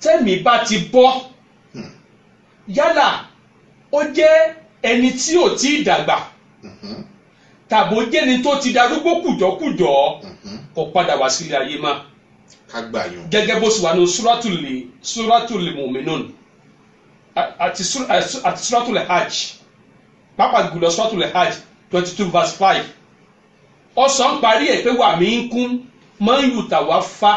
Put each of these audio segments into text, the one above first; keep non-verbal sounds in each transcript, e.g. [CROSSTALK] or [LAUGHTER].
tẹ́mi bá ti bọ́ hmm. yálà ó jẹ́ ẹni tí ò tí ì dàgbà hmm. tàbó jẹ́ni tó ti darúgbó kùjọ́kùjọ́ hmm. kò padà wá sílé ayé má gẹ́gẹ́ bó sì wà ní súrátùlì súrátùlì mùmínún àti súrátùlì hajj pápá jùlọ súrátùlì hajj twenty two verse five ọ̀sán parí ẹ̀ pé wàmí ń kún mọ́ wá fa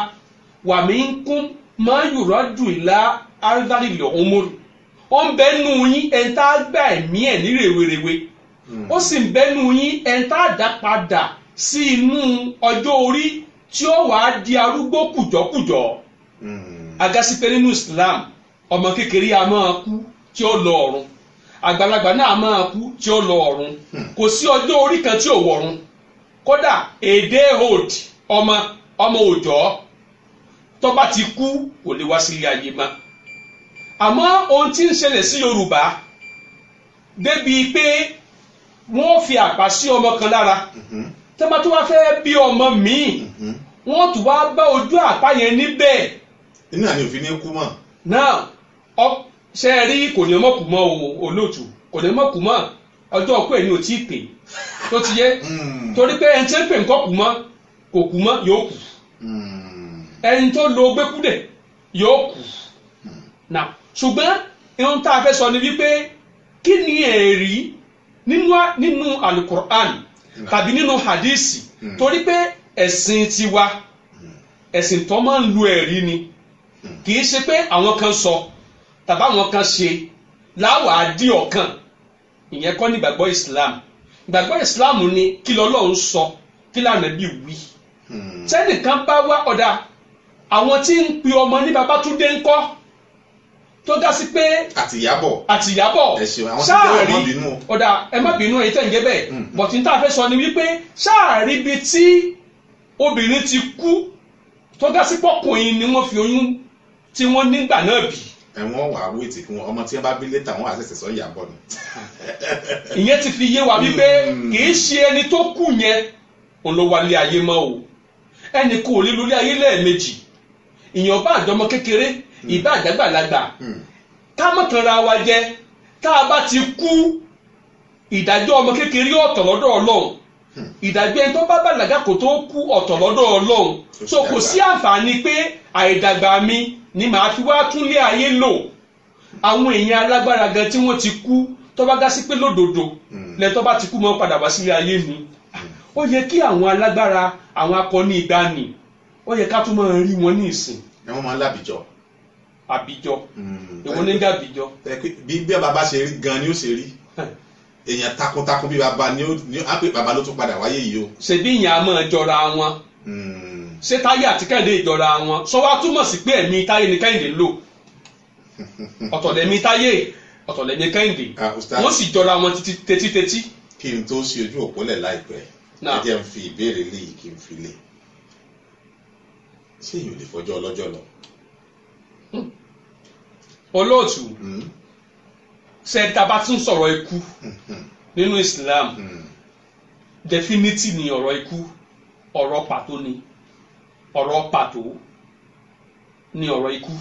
wàmí ń kún máa yùrọ̀ jù ìlà arúgbárí lọ ọmọrù ó ń bẹ nù yín ẹni tá a gbà ẹ̀mí ẹ̀ ní rèwerèwe hmm. ó sì ń bẹ wa tá a dá padà sí di arúgbó kùjọ́kùjọ́ hmm. nínú ọmọ kékeré a máa kú tí ó lọ ọ̀run àgbàlagbà náà máa kú tí ó lọ ọ̀run hmm. kò sí ọjọ́ orí kan tí ò wọ̀run kódà èdè hold ọmọ ọmọ tó bá ti kú kò lè wá sílé ayé mọ́ àmọ́ ohun tí ń ṣẹlẹ̀ sí Yorùbá débi pé wọ́n fi àpá sí ọmọ kan lára mm-hmm. tó bá tó wá fẹ́ bí ọmọ míì mm-hmm. wọ́n tún wá bá ojú àpá yẹn níbẹ̀. nínú àná òfin ní kú mọ́. náà ọ ṣe rí kò ní mọ̀kù mọ́ olóòtú kò ní mọ̀kù mọ́ ọjọ́ ọkọ ẹ̀ ní o tí pè tó ti yẹ mm. torí pé ẹni tí ń pè ń kọ́ kù mọ́ kò kù mọ́ yóò kù ẹni tó lo gbẹ́kúdẹ̀ yóò kù náà ṣùgbọ́n ohun tá a fẹ́ sọ ni wípé kí ni ẹ̀rí nínú alukur'an tàbí nínú hadisi hmm. torí pé ẹ̀sìn tiwa hmm. ẹ̀sìn tó máa ń lu ẹ̀rí ni hmm. kì í ṣe pé àwọn kan sọ tàbí àwọn kan ṣe láwàá dí ọ̀kan ìyẹn kọ́ ní ìgbàgbọ́ Islam ìgbàgbọ́ Islam ni kí lọ́lọ́run sọ kí lànà bí wí sẹ́nìkan bá wá ọ̀dà àwọn tí ń pe ọmọ ní Babátúndé ń kọ́ tó dá sí pé. àtìyábọ̀ àtìyábọ̀ sáàrí ọ̀dà ẹ má bínú èyí tẹ̀ ń gẹ́ bẹ́ẹ̀ hmm. bọ̀tí tá a fẹ́ sọ ni wípé sáàrí bi tí obìnrin ti kú tó dá sí pọ́kùnrin ni wọ́n fi oyún tí wọ́n nígbà náà bì. ẹ̀wọ̀n wàá wé tí fún wọn ọmọ tí wọ́n bá bí létà wọn àṣẹṣẹ sọ ìyàbọ̀ ni. [LAUGHS] ìyẹn ti fi yé wa wípé hmm. kì í ṣe ẹni tó kù yẹn òun ló wálé ayé mọ́ o ẹnì kò lè lólé ayé lẹ́ẹ̀mejì ìyàn bá àjọmọ kékeré hmm. ìbá àjàgbàlagbà hmm. ká mọ̀tànra wa jẹ tá a bá ti kú ìdájọ́ ọmọ kékeré ọ̀tọ̀ lọ́dọ̀ ọlọ́run hmm. ìdàgbé tó bá bàlágà kò tó kú ọ̀tọ̀ lọ́dọ̀ ọlọ́run so kò sí àǹfààní pé àìdàgbà mi ni màá fi wá túnlé ayé lò àwọn èèyàn alágbára gan tí wọ́n ti kú tó bá gá sí pé lódodo lẹ́ tó bá ti kú mọ́ padà wá sílé ayé mi ó yẹ kí àwọn alágbára àwọn akọni ìgbàanì ó yẹ ká tún máa rí wọn ní ìsìn. ẹ wọn máa ń lábìjọ. àbíjọ hmm. èwo ní dàbíjọ. bí bí bàbá ṣe rí gan ni ó ṣe rí èèyàn takuntakun bí bàbá ni ó á pè baba ló tún padà wáyé yìí o. ṣèbí ìyẹn a máa jọra wọn hmm. ṣé táyé àti kẹ́hìndé ìjọra wọn sọ wá túmọ̀ sí pé ẹ̀mí táyé ni kẹ́hìndé lò [LAUGHS] ọ̀tọ̀ lẹ̀mí táyé ọ̀tọ̀ lẹ̀mí kẹ́hìndé ah, wọ́n sì jọra wọn títí tẹ́tí. kí n tó ṣe ojú òpólẹ̀ láìpẹ́ ẹ jẹ́ n fi ìbéèrè léyìí kí n fi lè ṣé èyàn lè fọjọ́ ọlọ́jọ́ lọ. Hmm. olóòtú sẹ́ńtà hmm. bá tún sọ̀rọ̀ ikú hmm, nínú Islam definiti ni ọ̀rọ̀ ikú ọ̀rọ̀ pàtó ni ọ̀rọ̀ pàtó ni ọ̀rọ̀ ikú.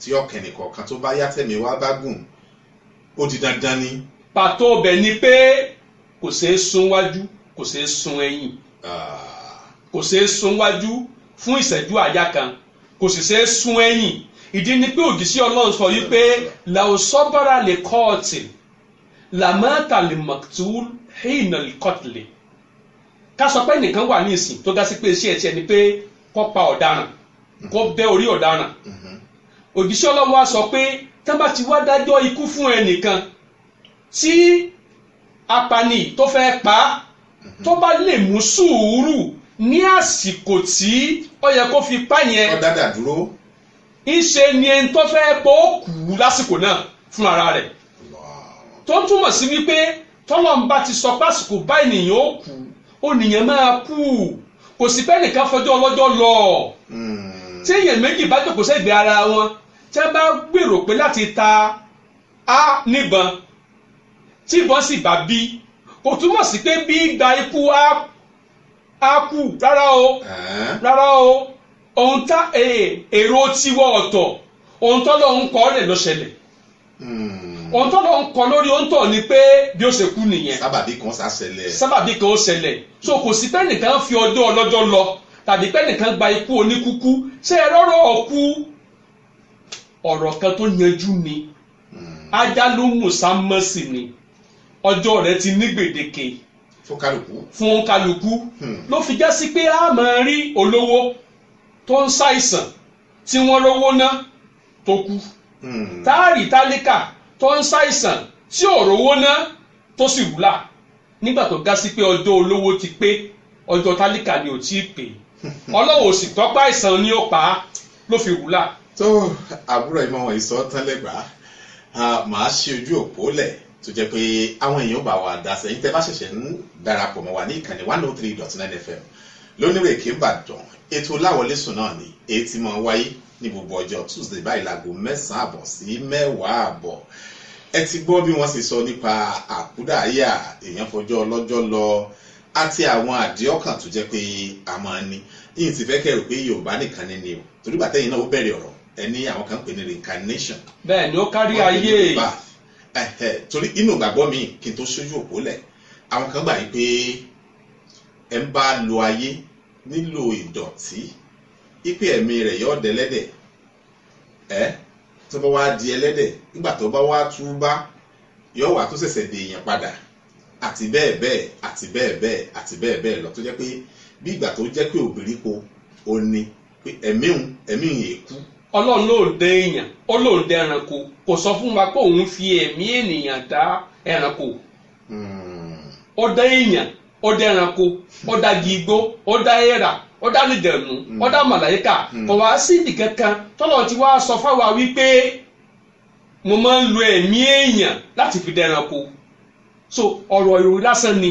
tí ọ̀kẹ́ nìkọ̀ọ̀kan tó bá yá tẹ̀mí wá bá gùn ó di dandan ni. pàtó ọbẹ̀ ni pé kò ṣeé sún wájú kò ṣeé sún ẹ̀yìn ah. kò ṣeé sún wájú fún ìṣẹ́jú àyá kan kò sì ṣeé sún ẹ̀yìn ìdí ni pé òjíṣẹ́ ọlọ́run sọ wípé làwòsọ́bàrà lè kọ́ọ̀tì làmọ́tà lè mọ̀tú hìnà kọ́tìlẹ̀ ká sọ pé nìkan wà ní ìsìn tó ga sí pé iṣẹ́ ẹ̀ṣẹ̀ ni pé kó pa ọ̀daràn kó bẹ́ orí ọ̀daràn òjíṣẹ́ ọlọ́run wá sọ pé tán bá ti wá dájọ́ ikú fún ẹnìkan tí apani tó fẹ́ pa tó bá lè mú sùúrù ní àsìkò tí ó yẹ kó fi pa yẹn ọ̀dàdà dúró ńṣe ni ẹni tó fẹ́ pọ̀ ó kù lásìkò náà fún ara rẹ̀ tó túmọ̀ sí wípé tọ́lọ́mbà ti sọ pásìkò bá ènìyàn ó kù ó nìyẹn máa kú kò sí pé ẹnìkan fọjọ́ ọlọ́jọ́ lọ hmm. tí èèyàn méjì bá jòkó sẹ́gbẹ̀ẹ́ ara wọn tí wọ́n bá gbèrò pé láti ta a níbọn tí ìbọn sì bá bí kò túmọ̀ sí pé bí gba ikú a ápù rárá o rárá o ohun tá e, èrò tiwọ́ ọ̀tọ̀ ohun tọ́lọ́ ń kọ́ lẹ̀ ló ṣẹlẹ̀ hmm. ohun tọ́lọ́ ń kọ́ lórí ohun tọ̀ ni pé bí ó ṣe kú nìyẹn sábàbí kan sá sábàbí kan ó ṣẹlẹ̀ so kò sí pé nìkan fi ọjọ́ ọlọ́jọ́ lọ tàbí pé nìkan gba ikú oníkúkú ṣé ẹ rọ́rọ́ ọ̀kú ọ̀rọ̀ kan tó yanjú ni hmm. ajálùmùsámọ́sì ni ọjọ́ rẹ ti ní gbèdéke fún kálukú. fún kálukú hmm. ló fi já sí pé a máa rí olówó tó ń ṣàìsàn tí wọ́n lówó ná tó kú hmm. táàrí tálíkà tó ń ṣàìsàn tí ò rówó ná tó sì wúlà nígbà tó ga sí pé ọjọ́ olówó ti pé ọjọ́ tálíkà ni ò tí ì pè hmm. ọlọ́wọ́ ò sì tọ́pá àìsàn ni ó pa á ló fi wúlà. tó àbúrò ìmọ̀ wọ̀nyí sọ tán lẹ́gbàá màá ṣe ojú òpó lẹ̀ tó jẹ́ pé àwọn èèyàn bá wa dá sẹ́yìn tẹ́ bá ṣẹ̀ṣẹ̀ ń darapọ̀ mọ́ wa ní ìkànnì one oh three dot nine fm lónírèké ìbàdàn ètò láwọlé náà ni èyí tí máa wáyé ní gbogbo ọjọ́ tuesday báyìí láago mẹ́sàn-án àbọ̀ sí mẹ́wàá àbọ̀ ẹ ti gbọ́ bí wọ́n sì sọ nípa àkúdàáyà èèyàn fọjọ́ ọlọ́jọ́ lọ àti àwọn àdíọ́kàn tó jẹ́ pé a máa ní yìí ti fẹ́ kẹ́rù pé yorùbá nìkan ni ni o torí bàtẹ́yìn náà ó bẹ̀rẹ̀ ọ̀rọ̀ ẹ ní àwọn kan pè ní reincarnation. bẹ́ẹ̀ni ó kárí ayé. torí inú ìgbàgbọ́ mi kí n tó ṣojú òpó lẹ̀ àwọn kan gbà yí pé ẹ ń bá lo ayé nílò ìdọ̀tí ipe ẹ̀mí rẹ̀ yọ ọ̀dẹ lẹ́dẹ̀ ẹ tó bá wá di ẹlẹ́dẹ̀ nígbà tó bá wá tú bá yọ wà tó ṣẹ̀ṣẹ̀ di èèyàn padà àti bẹ́ẹ̀ bẹ́ẹ̀ àti bẹ́ẹ̀ bẹ́ẹ̀ àti bẹ́ẹ̀ bẹ́ẹ̀ lọ tó jẹ́ pé bí ìgbà tó jẹ́ pé òbírípo po pé ẹ̀mí ọlọ́run ló dẹ èèyàn ó ló dẹ ẹranko kò sọ fún wa pé òun fi ẹ̀mí ènìyàn dá ẹranko hmm. ó dá èèyàn ó dá ẹranko ó dá gigbó ó dá ẹ̀rà ó dá nìdẹ̀nu ó dá màláyíkà hmm. kò wá sídìí kankan tọ́lọ̀ tí wàá sọ fáwa wípé mo máa ń lo ẹ̀mí èèyàn láti fi dá ẹranko so ọ̀rọ̀ ìròyìn lásán ni.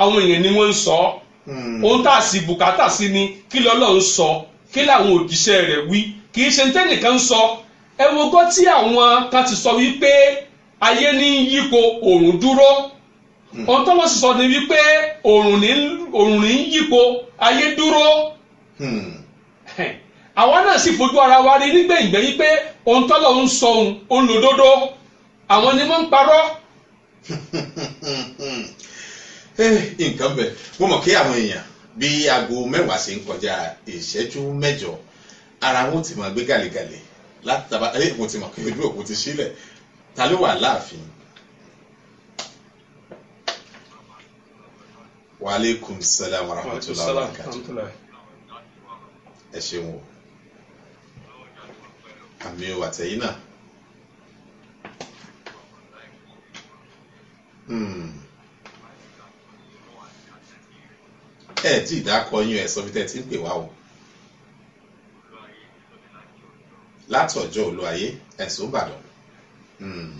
àwọn èèyàn ni wọ́n ń sọ hmm. ohun tá a sì bùkátà sí ni kí lọ́lọ́run sọ kí làwọn òjíṣẹ́ rẹ̀ wí kì í ṣe tẹ́nìkan sọ ẹ wo gbọ́ tí àwọn kan ti sọ wípé ayé ní yípo òrùn dúró hmm. ohun tó wọ́n sì sọ ni wípé òrùn ní yípo ayé dúró hmm. àwa náà sì fojú ara wa rí nígbẹ̀yìngbẹ̀yìn pé ohun tó lọ́ọ́ ń sọ òun òun àwọn ni wọ́n ń parọ́ [LAUGHS] Eh, nǹkan bẹ̀ mo mọ̀ kí àwọn èèyàn bí aago mẹ́wàá ṣe ń kọjá ìṣẹ́jú mẹ́jọ ara wọn ti máa gbé gàlégàlé látàbá ẹ eh, mo ti mọ̀ kí ojú òkú ti sílẹ̀ ta ló wà láàfin. waaleykum salaam wa rahmatulah ẹ ṣeun o àmì ò àtẹ̀yìn náà. Hmm. ẹ tí ìdákọ yín ẹ sọ fi tẹ́ ti ń pè wá o látọjọ́ olúwayé ẹ̀sùn ìbàdàn Hmm.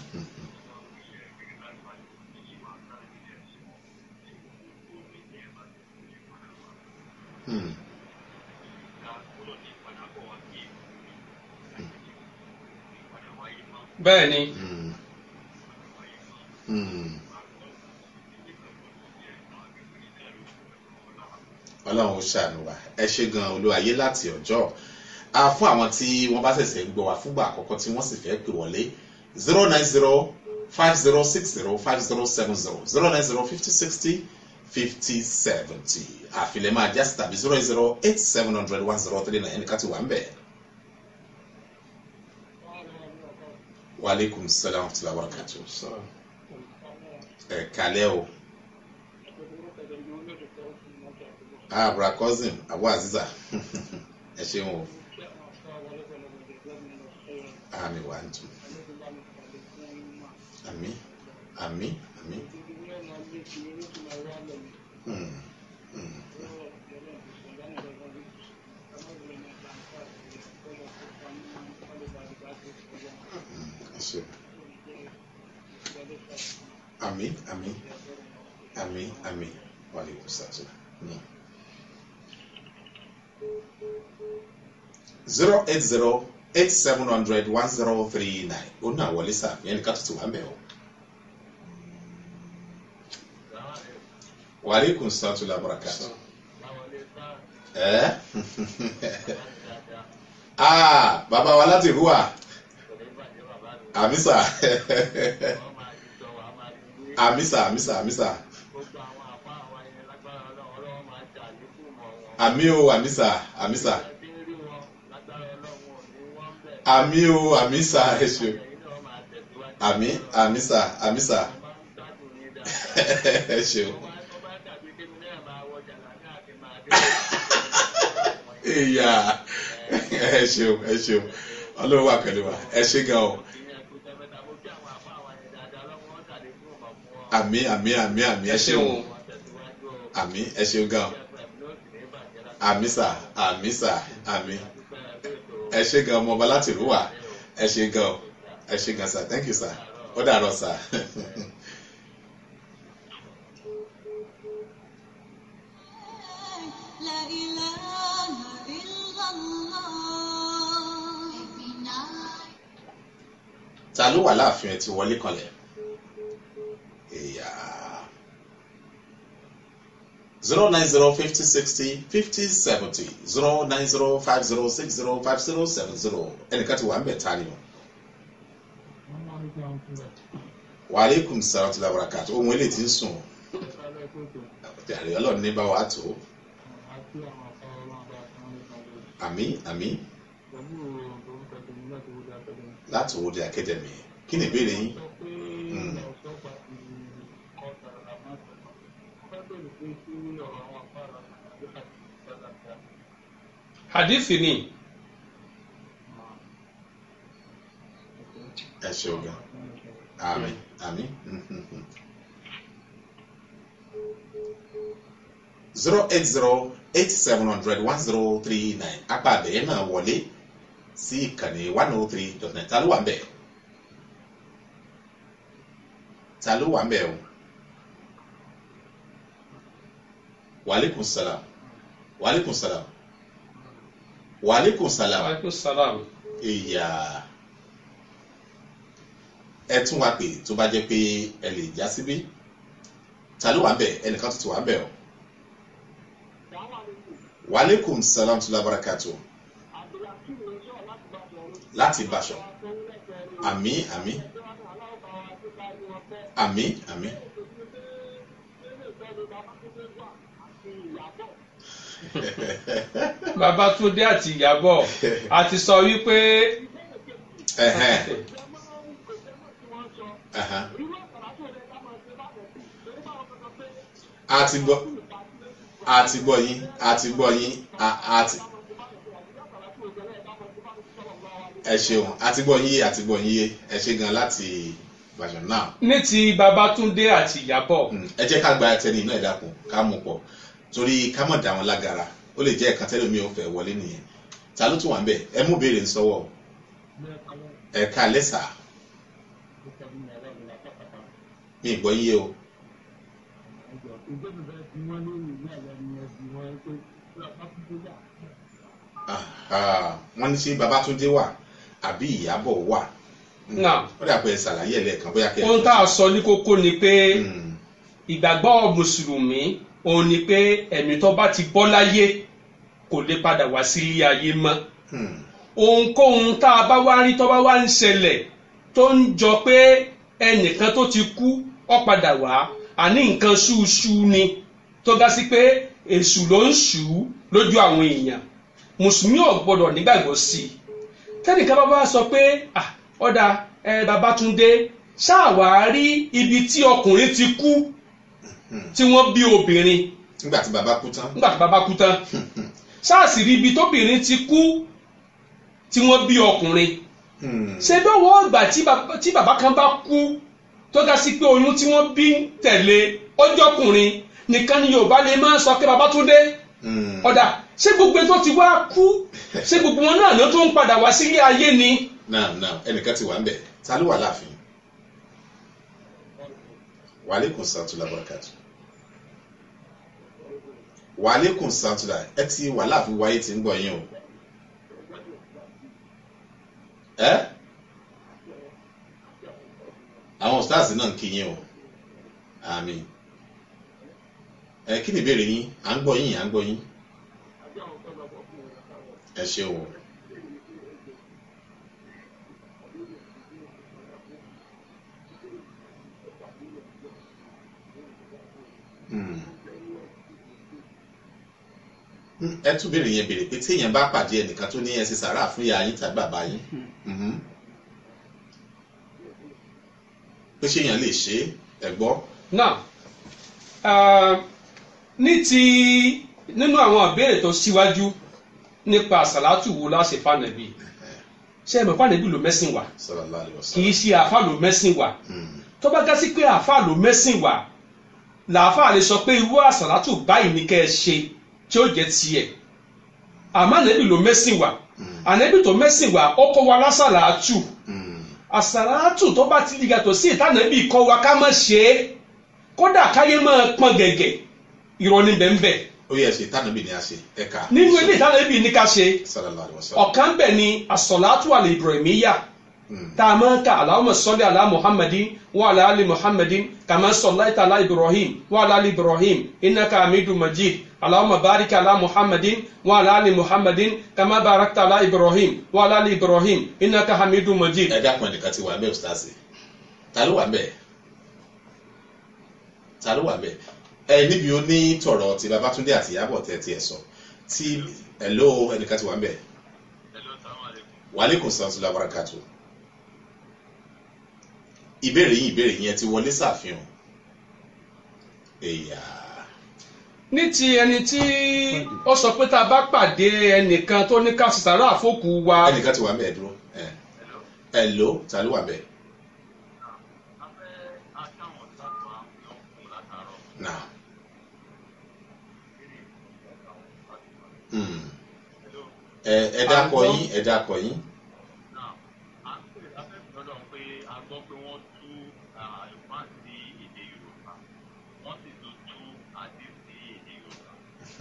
bẹ́ẹ̀ ni. Hmm. Hmm. hmm. ọlọ́run ó ṣàánú wa ẹ ṣe gan olúwa ayé láti ọjọ́ a fún àwọn tí wọ́n bá ṣẹ̀ṣẹ̀ ń gbọ́ wa fúngbà àkọ́kọ́ tí wọ́n sì fẹ́ pè wọlé zero nine zero five zero six zero five zero seven zero zero nine zero fifty sixty fifty seventy àfilẹ̀ máa jásí tàbí zero eight zero eight seven hundred one zero three nine ẹnìkan ti wà ń bẹ̀. waaleykum salaam wa rahmatulahi wa barakatuh. ẹ kálẹ́ o. abra cousin abu aziza ẹ ṣeun o àmì wà ntù hmm, hmm, hmm. àmì àmì àmì. Àmì àmì àmì àmì wàlẹ̀ kùsàtù. Mm. zero eight zero eight seven hundred one zero three nine ó ní àwọlé sáà yẹn ní ká tó ti wà mẹ́ o. wàhálẹ́kùn sàtú làbàràkà. ẹ aa bàbá wa láti rú wa àmísà àmísà àmísà àmísà. àmì o àmísà àmísà àmì o àmì sà ẹ ṣe àmì àmì sà àmì sà [LAUGHS] ẹ ṣe o. [LAUGHS] ìyá ẹ ṣeun ẹ ṣeun ọlọ́run wà pẹ̀lú wa ẹ ṣe gan o. àmì àmì àmì àmì ẹ ṣeun àmì ẹ gan o. àmì sà àmì sà àmì ẹ ṣe gan ọmọ láti ìlú wa ẹ ṣe gan ẹ ṣe gan sir thank you sir ó dàrọ sir. ta ló wà láàfin ẹ ti wọlé kanlẹ̀. Zero zero zero zero zero zero zero nine nine fifty fifty sixty seventy five five six seven zero. ẹnìkan ti wà ń bẹ̀ ta ni o. wa aleykum salatu labarakatu ohun ele ti ń sùn ọlọ́run ní bá wa tó àmì àmì láti wo di academy kí ni ìbéèrè yín. Hmm. hadithi ni. ẹ ṣeun gan àmín àmín. zero eight zero eight seven hundred one zero three nine apá abẹ́yẹ náà wọlé sí ìkànnì one oh three dot nine ta ló wà ń bẹ̀ ta ló wà ń bẹ̀ o. wàlékún salam wàlékún salam wàlékún salam wàlékún salam ìyá ẹ tún wá pé tó bá jẹ́ pé ẹ lè já síbí ta ló wà bẹ́ẹ̀ ẹnìkan tuntun wà bẹ́ẹ̀ o tu salam tó tu láti bàṣọ àmì àmì àmì àmì. [LAUGHS] Babatunde àti Ìyábọ̀ a ti sọ wípé. a ti gbọ́ a ti gbọ́ yín a ti gbọ́ yín a ti ẹ ṣeun a ti gbọ́ yín yé a ti gbọ́ yín yé ẹ ṣe gan láti Ìbàdàn náà. ní ti Babátúndé àti Ìyábọ̀. Hmm, ẹ jẹ́ ká gba ẹtẹ́ni iná ẹ̀dá ká mú pọ̀ torí ká mọ̀ dà wọ́n lágara ó lè jẹ́ ẹ̀ka tẹ́lẹ̀ mi ò fẹ́ wọlé nìyẹn ta ló tún wà ń bẹ̀ ẹ mú béèrè sọ́wọ́ o ẹ̀ka lẹ́sà mi gbọ́ yé o. wọ́n ní sí Babátúndé wà àbí Ìyábọ̀ wà hmm. ó dà pé ṣàlàyé ẹ̀ lẹ́ẹ̀kan bóyá kẹ́ẹ̀. ohun tá a sọ ní kókó ni pé hmm. ìgbàgbọ́ mùsùlùmí. Mm òun ni pé ẹ̀mí tó bá ti bọ́ láyé kò lè padà wá sí ilé ayé mọ́ hmm. ohunkóhun tá a bá wá rí tó bá wá ń ṣẹlẹ̀ tó ń jọ pé ẹnìkan tó ti kú ó padà wá àní nǹkan ṣúṣú ni tó ga sí pé èṣù ló ń ṣù ú lójú àwọn èèyàn mùsùlùmí ò nígbàgbọ́ sí i tẹ́nìkan bá wá sọ pé ọ̀dà ẹ Babátúndé ṣáà wàá rí ibi tí ọkùnrin ti kú Hmm. tí wọ́n bí obìnrin. nígbà tí bàbá kú tán. nígbà tí bàbá kú tán. Hmm. sars rí ibi tóbìnrin ti kú tí wọ́n bí ọkùnrin. Hmm. ṣé lọ́wọ́ ọgbà tí bàbá kan bá kú tó ga sí pé oyún tí wọ́n bí tẹ̀lé ọjọ́kùnrin nìkan ni Yorùbá lè máa sọ pé Babátúndé ọ̀dà ṣé gbogbo tó ti wá kú ṣé gbogbo wọn náà ló tó ń padà wá sílé ayé ni. náà náà ẹnìkan ti wà ń bẹ̀ ta ló wà láàfin wàhálà kò sàtúlà wàhálẹ́kùn sátúdà ẹ ti wàhálà fún wáyé tí ń gbọ̀ yín o. ẹ àwọn stars náà ń kí yín o àmì ẹ kí ni ìbéèrè yín à ń gbọ́ yín à ń gbọ́ yín ẹ ṣe o. Hmm ẹ tún béèrè yẹn béèrè pé téèyàn bá pàdé ẹnìkan tó ní ẹ ṣe sàrà fún ìyá yín tàbí bàbá yín mm-hmm. pé ṣéèyàn lè ṣe é ẹ gbọ́. náà uh, ní ti nínú àwọn àbẹ̀rẹ̀ tó síwájú nípa àsàlátù wo láṣẹ fànàbí ṣe é mọ̀ fànàbí ló mẹ́sìn wá kì í ṣe àfa ló mẹ́sìn wá mm. tó bá gá sí pé àfa ló mẹ́sìn wá làáfà lè sọ pé irú àsàlátù báyìí ni kẹ́ ẹ ṣe tí ó jẹ́ tiẹ̀ àmọ́ ànábì ló mẹ́sìn wá ànábì tó mẹ́sìn wá ó wa lásàlá àtù hmm. àsàlá àtù tó bá ti yàtọ̀ sí ìtànàbì kọ́ wa ká má ṣe é kódà káyé máa pọn gẹ̀gẹ̀ ìrọ̀lì bẹ́ẹ̀ ó yẹ ẹsẹ ìtànàbì ni a ṣe ẹka. nínú ilé ìtànàbì ni ká ṣe ọ̀kan bẹ̀ ni asọ̀látù àlè Ibrahimiya Hmm. tá a máa ń ka Allahumma salli ala muhammadin wa ala ali muhammadin kama sallaita ala ibrahim wa ala ali ibrahim innaka hamidun majid Allahumma barik ala muhammadin wa ala ali muhammadin kama barakta ala ibrahim wa ala ali ibrahim innaka hamidun majid. ẹ dákun ẹnìkan ti wà bẹ́ẹ̀ ọ̀sítàsì ta ló wà bẹ́ẹ̀ ta ló wà bẹ́ẹ̀ ẹ níbi ó ní tọ̀rọ̀ ti Babátúndé àti Ìyábọ̀ tẹ́ tiẹ̀ sọ ti hello ẹnìkan ti wà bẹ́ẹ̀ wàhálà kò sàn sílẹ̀ àbárakàtò ìbéèrè yìí ìbéèrè yẹn ti wọlé sàfihàn èyà. ní ti ẹni tí ó sọ pé tá a bá pàdé ẹnìkan tó ní ká sàrà àfọkù wa. ẹnìkan ti wà mẹ́ẹ̀ dúró ẹ ló ta ló wà bẹ́ẹ̀. na. Hmm. ẹ ẹ dákọ yín ẹ dákọ yín.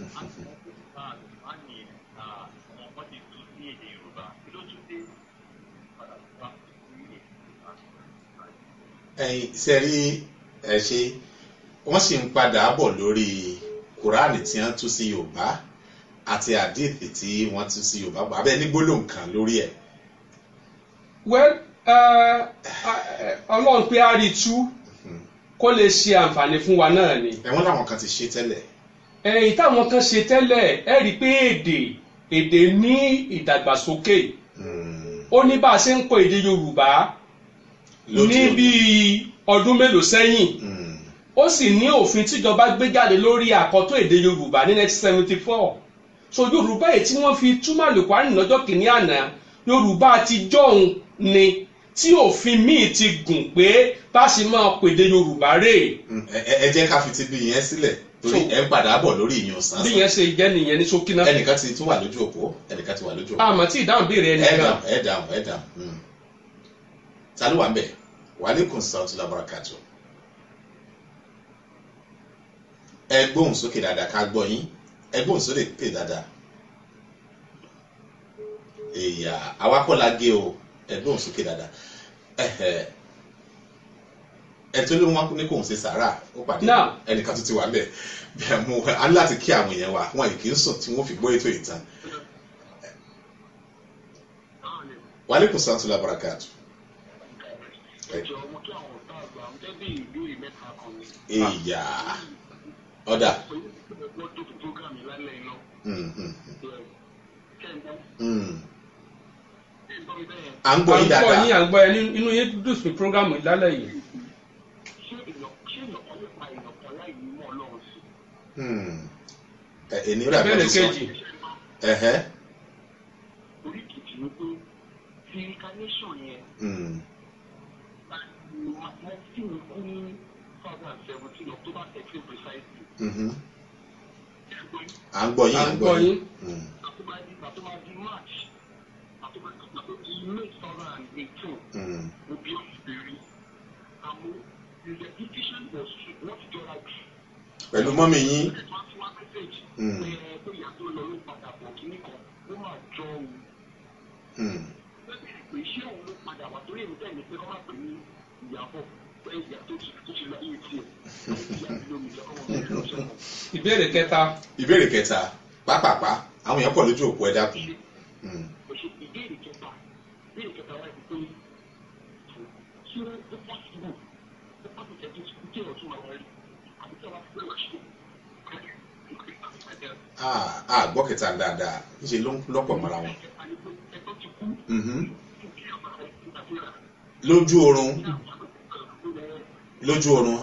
láti wọn kò fà á ní àwọn ọmọ ti tún ní èdè Yorùbá kí ló tún dé padà tó bá ní èdè Yorùbá. ẹ̀yin ṣe rí ẹ ṣe wọ́n sì ń padà bọ̀ lórí kuraani tí wọ́n tú sí Yorùbá àti àdìsí tí wọ́n tú sí Yorùbá abẹ́ ní gbólóhùn kan lórí ẹ̀. well uh, uh, ọlọ́run pé a rí tú hmm. kó lè ṣe àǹfààní fún wa náà ni. ẹ̀wọ̀n làwọn kan ti ṣe tẹ́lẹ̀ èyí táwọn kan ṣe tẹ́lẹ̀ ẹ rí i pé èdè èdè ní ìdàgbàsókè hmm. ó ní bá a ṣe ń kọ́ èdè Yorùbá ní bíi ọdún mélòó sẹ́yìn hmm. ó sì ní òfin tíjọba gbé jáde lórí àkọ́tọ̀ èdè Yorùbá ní 1974 so Yorùbá èyí tí wọ́n fi túmọ̀ àlùkwárìn lọ́jọ́ kìíní àná Yorùbá àtijọ́ òun ni tí òfin míì ti gùn pé bá a ṣe máa pèdè Yorùbá rèé. Hmm. ẹ jẹ́ ká fi ti bí yẹn sílẹ̀ torí ẹ ń padà bọ̀ lórí ìyàn sàn. bí yẹn ṣe jẹ́ nìyẹn ní ṣókí náà. ẹnìkan ti tún wà lójú òpó ẹnìkan ti wà lójú òpó. àmọ́ tí ìdáhùn béèrè ẹni náà. ẹ dààmú ẹ dààmú hmm. ta ló wà ń bẹ̀ wàhálẹ́kùn sàùtì labarakàtò. ẹ gbóhùn sókè dáadáa ká gbọ́ yín ẹ gbóhùn sókè pè dáadáa. èèyà awakọ̀ la gé o ẹ gbóhùn sókè dáadáa ẹ tó ló wọn ní kò ń ṣe sàárà ó pàdé ẹnìkan tó ti wà bẹ́ẹ̀ bẹ́ẹ̀ mo á láti kí àwọn èèyàn wa wọn kì í sùn tí wọn fi gbọ́ ètò ìtàn. wàlẹ́kùn santu labarakatu. ìyá ọ̀dà. à ń gbọ́ yín dáadáa. à ń gbọ́ yín à ń gbọ́ yín inú yín dùn sí programu lálẹ́ yìí. Hmm. èmi rà bẹ́ẹ̀ sọ ẹ̀hẹ́. orí kejì ni pé ti incarnation yẹn mo sì ń kú ní two thousand and seventeen october thirteen precisely. Mm-hmm. à ń gbọ́ yín à ń gbọ́ yín. àtúbàdì hmm. àtúbàdì march àtúbàdì may two thousand and eighteen mo hmm. bí ọ̀sẹ̀ rí àmọ́ the education was not just like pẹ̀lú mọ́mì yín. Hmm. Hmm. ìbéèrè kẹta. ìbéèrè kẹta pápápá àwọn èèyàn pọ̀ lójú òpó ẹ dákun. ìbéèrè kẹta ìbéèrè kẹta wáyé pé ṣé ó possible ó possible kẹ́kẹ́ kí ọ̀tún máa wáyé àgbọ́ ah, ah, kẹta dáadáa níṣe ló ń lọ́pọ̀ mọ́ra wọn. Mhm. lójú oorun lójú oorun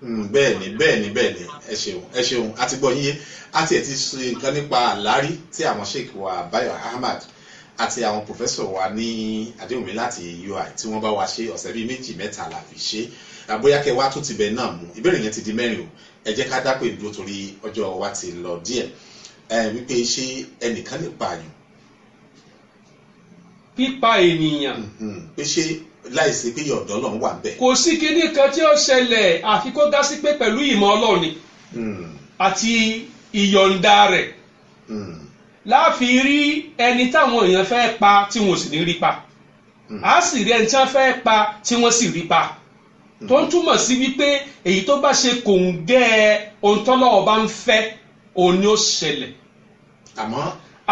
hmm, bẹ́ẹ̀ni bẹ́ẹ̀ni bẹ́ẹ̀ni ẹ ṣeun ẹ ṣeun àti gbọ́ yín yé àti ẹ̀ ti ṣe nǹkan nípa àlárí tí àwọn sheik wa Bayo Ahmad àti àwọn professor wa ní adéwùmí láti UI tí wọ́n bá wa ṣe ọ̀sẹ̀ bíi méjì mẹ́ta la fi ṣe àbóyá kẹ wá tó ti bẹ̀ náà mú ìbéèrè yẹn ti di mẹ́rin o ẹ jẹ́ ká dápẹ́ ìdúró torí ọjọ́ wa ti lọ díẹ̀ ẹ wípé ṣé ẹnìkan lè pààyàn. pípa ènìyàn. Mm-hmm. pé ṣé láìsí pé ọ̀dọ́ lọ́n wà bẹ́ẹ̀. kò sí kinní kan tí ó ṣẹlẹ̀ àfi kó dá sí pé pẹ̀lú ìmọ̀ ọlọ́run mm. àti ìyọ̀ǹda rẹ̀. Mm láàfi rí ẹni táwọn èèyàn fẹ́ pa tí wọn ò sì ní rí pa hmm. a sì rí ẹni tí wọ́n fẹ́ pa tí wọ́n sì rí pa hmm. tó ń túmọ̀ sí wípé èyí tó bá ṣe kò ń gẹ́ ẹ ohun tọ́lọ́wọ́ bá ń fẹ́ òun ni ó ṣẹlẹ̀. àmọ́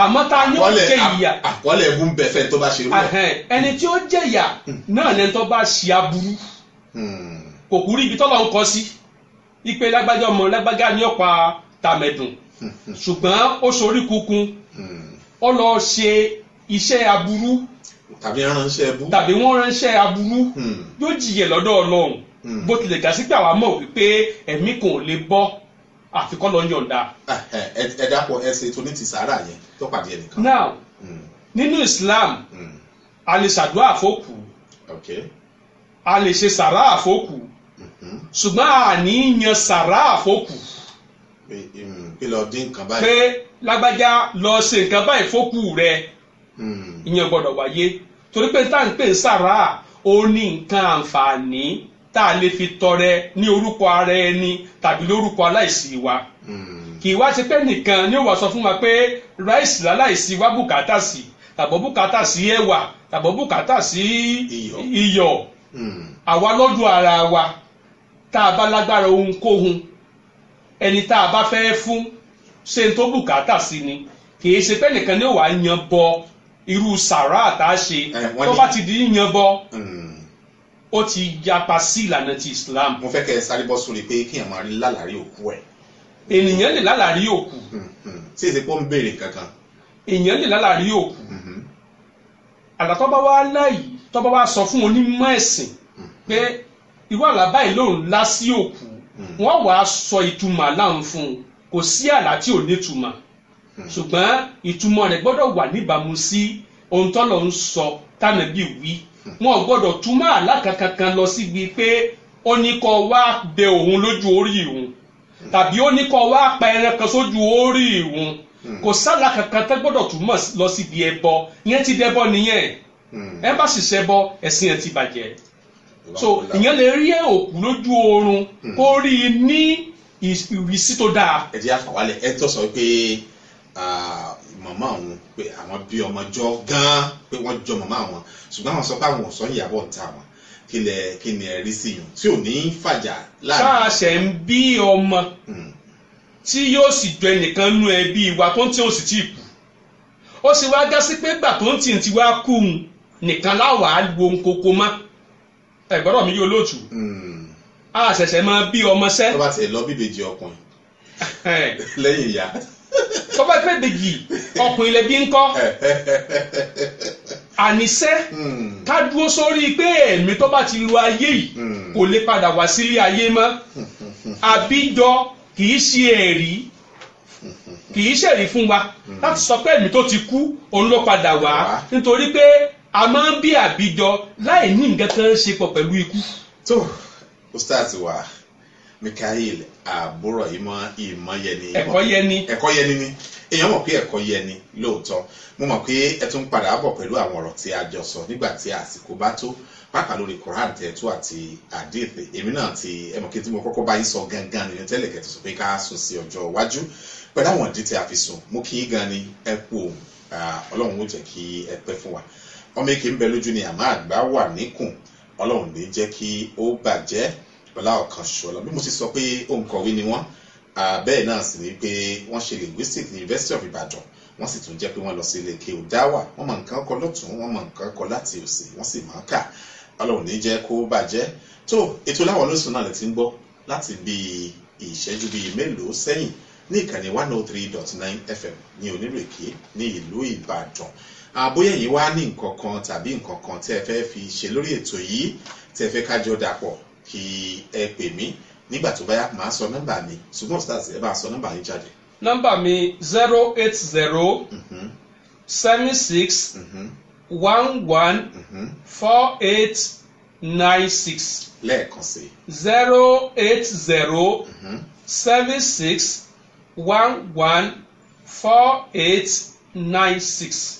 àmọ́ ta ni ó jẹ ìyà. àkọọ́lẹ̀ ẹ̀bùn ń bẹ fẹ́ tó bá ṣe rú ẹ̀. ẹni tí ó jẹ ìyà hmm. náà lẹni tó bá ṣe aburú kò kúrú ibi tọ́lọ́ ń kọ sí ìpè lágbájá ọmọ lágbájá ní ọ̀pá tàmẹ̀dùn ṣùgbọ́n ó sorí kunkun ó lọ ṣe iṣẹ́ aburú tàbí ránṣẹ́ aburú tàbí wọ́n ránṣẹ́ aburú hmm. yóò jìyẹ lọ́dọ̀ ọlọ́run hmm. bó tilẹ̀ gà sí pé àwa mọ̀ wípé ẹ̀mí kan ò lè bọ́ àfikọ́ lọ yọ̀ǹda. Eh, eh, ẹ dàpọ̀ ẹ ṣe tó ní ti sàárà yẹn tó pàdé ẹnìkan. now hmm. nínú Islam a lè ṣàdúrà àfọ́kù a lè ṣe sàárà àfọ́kù ṣùgbọ́n a ní yan sàárà àfọ́kù pé lọ dín nǹkan báyìí. pé lágbájá lọ ṣe nǹkan báyìí fókù rẹ hmm. ìyẹn gbọ́dọ̀ wáyé torí pé tá à ń pè sára ó ní nǹkan àǹfààní tá a lè fi tọrẹ ní orúkọ ara ẹni tàbí lórúkọ aláìsí wa hmm. kì í wá ṣe pé nìkan ni ó wà sọ fún wa pé ráìsì láláìsí wa bùkátà sí tàbọ̀ bùkátà sí ẹ̀wà tàbọ̀ bùkátà sí iyọ̀ hmm. àwa lọ́dún ara wa tá a bá lágbára ohunkóhun ẹni tá a bá fẹ́ fún ṣe ń tó bùkátà sí ni kì í ṣe pé nìkan ni ó wàá yan bọ irú sàrà tá a ṣe eh, tó bá ti di yan bọ hmm. ó ti yapa sí ìlànà ti Islam. mo fẹ́ kẹ́ ẹ sáré bọ́ sórí pé kí èèyàn máa rí lálàrí òkú ẹ̀. ènìyàn lè lálàrí òkú. sí hmm, ìsìnkú hmm. ń béèrè kankan. èèyàn lè lálàrí òkú. àlá bá wá láyìí tó bá wá sọ fún onímọ̀ ẹ̀sìn pé irú àlá lòun lá sí òkú Hmm. wọ́n wàá sọ ìtumọ̀ aláhùn fún un kò sí àlá tí ò nítumọ̀ hmm. ṣùgbọ́n ìtumọ̀ rẹ̀ gbọ́dọ̀ wà níbàámu sí ohun tọ́lọ̀ ń sọ tánàbí wí hmm. wọn gbọ́dọ̀ túmọ̀ àlá kankan lọ síbi pé ó ní kó wá bẹ òun lójú orí òun tàbí ó ní kó wá pa ẹran kan sójú orí òun kò sálà kankan tẹ́ gbọ́dọ̀ túmọ̀ lọ síbi ẹbọ yẹn ti dẹbọ nìyẹn ẹ bá sì ṣẹbọ ẹ̀sìn ẹ ti bàjẹ́ so ìyẹn lè rí òkú lójú oorun hmm. kó rí i ní ìrísí tó dáa. ẹ jẹ́ àfàwálẹ̀ ẹ tó sọ pé màmá àwọn pé àwọn bí ọmọ jọ gan-an pé wọ́n jọ màmá àwọn ṣùgbọ́n àwọn sọ pé àwọn ò sọ ìyàbọ̀ ń ta àwọn kí lẹ kí ni ẹ rí sí yàn tí ò ní fàjà láàrin. sáà ṣe ń bí ọmọ hmm. tí yóò sì jọ ẹnìkan nú ẹbí wa tó ń tí ò sì tí kú ó sì wá gá sí pé gbà tó ń tì ń ti wá kú nìkan láwàá wo nkoko mọ́ ẹ̀gbọ́dọ̀ mi yí olóòtú hmm. a ṣẹ̀ṣẹ̀ máa bí ọmọ sẹ́. tó bá ti lọ bíbejì ọkùnrin lẹ́yìn ìyá. tó bá pẹ́ bèjì ọkùnrin lẹ́bí ń kọ́ [LAUGHS] àníṣẹ́ hmm. ká dúró sórí pé ẹ̀mí tó bá ti lu ayé yìí hmm. kò lè padà wá sílé ayé mọ́ [LAUGHS] àbíjọ kì í ṣe ẹ̀rí kì í ṣẹ̀rí fún wa láti sọ pé ẹ̀mí tó ti kú òun ló padà wá nítorí pé a máa ń bí àbíjọ láì ní nǹkan kan ṣe pọ̀ pẹ̀lú ikú. tó ustaz wa Mikael àbúrò ìmọ̀ ìmọ̀ yẹni. ẹ̀kọ́ yẹni. ẹ̀kọ́ yẹni ni èèyàn mọ̀ pé ẹ̀kọ́ yẹni lóòótọ́ mo mọ̀ pé ẹ tún padà bọ̀ pẹ̀lú àwọn ọ̀rọ̀ tí a jọ sọ nígbà tí àsìkò bá tó pàápàá lórí Quran tẹ̀tú àti hadith èmi náà ti ẹ̀mọ̀ kí tí mo kọ́kọ́ bá yín sọ gangan nìyẹn tẹ́lẹ̀ kẹ́tù sọ pé ká sùn sí ọjọ́ iwájú pẹ̀lú àwọn ìdí tí a fi sùn mo kí í gan ni ẹ kú òun ọlọ́run ó jẹ́ kí ẹ pẹ́ fún wa ọmọ èké ń bẹ lójú ni àmọ́ àgbà wà níkùn ọlọ́run lè jẹ́ kí ó bàjẹ́ ọlá ọ̀kan ṣọlọ bí mo ti sọ pé òǹkọ̀wé ni wọ́n bẹ́ẹ̀ náà sì ni pé wọ́n ṣe linguistic ní University of Ibadan wọ́n sì tún jẹ́ pé wọ́n lọ sí ilé kéwù dáwà wọ́n mọ nǹkan kọ lọ́tún wọ́n mọ nǹkan kọ láti òsì wọ́n sì máa kà ọlọ́run ní jẹ́ kó bàjẹ́ tó ètò láwọn olóṣù náà lè ti ń gbọ́ láti bí ìṣẹ́jú bíi mélòó sẹ́yìn ní ìkànnì one oh three dot nine fm ní onírèké ní ìlú Ìbàdàn Ah, bóyá yìí wá ní nǹkan kan tàbí nǹkan kan tẹ́ ẹ fẹ́ fi ṣe lórí ètò yìí tẹ́ ẹ fẹ́ kájọ dàpọ̀ kí ẹ pè mí nígbà tó bá yá màá sọ nọ́mbà mi ṣùgbọ́n stars ẹ bá sọ nọ́mbà yín jáde. nọ́mbà mi zero eight zero seven six one one four eight nine six. lẹ́ẹ̀kan sí. zero eight zero seven six one one four eight nine six.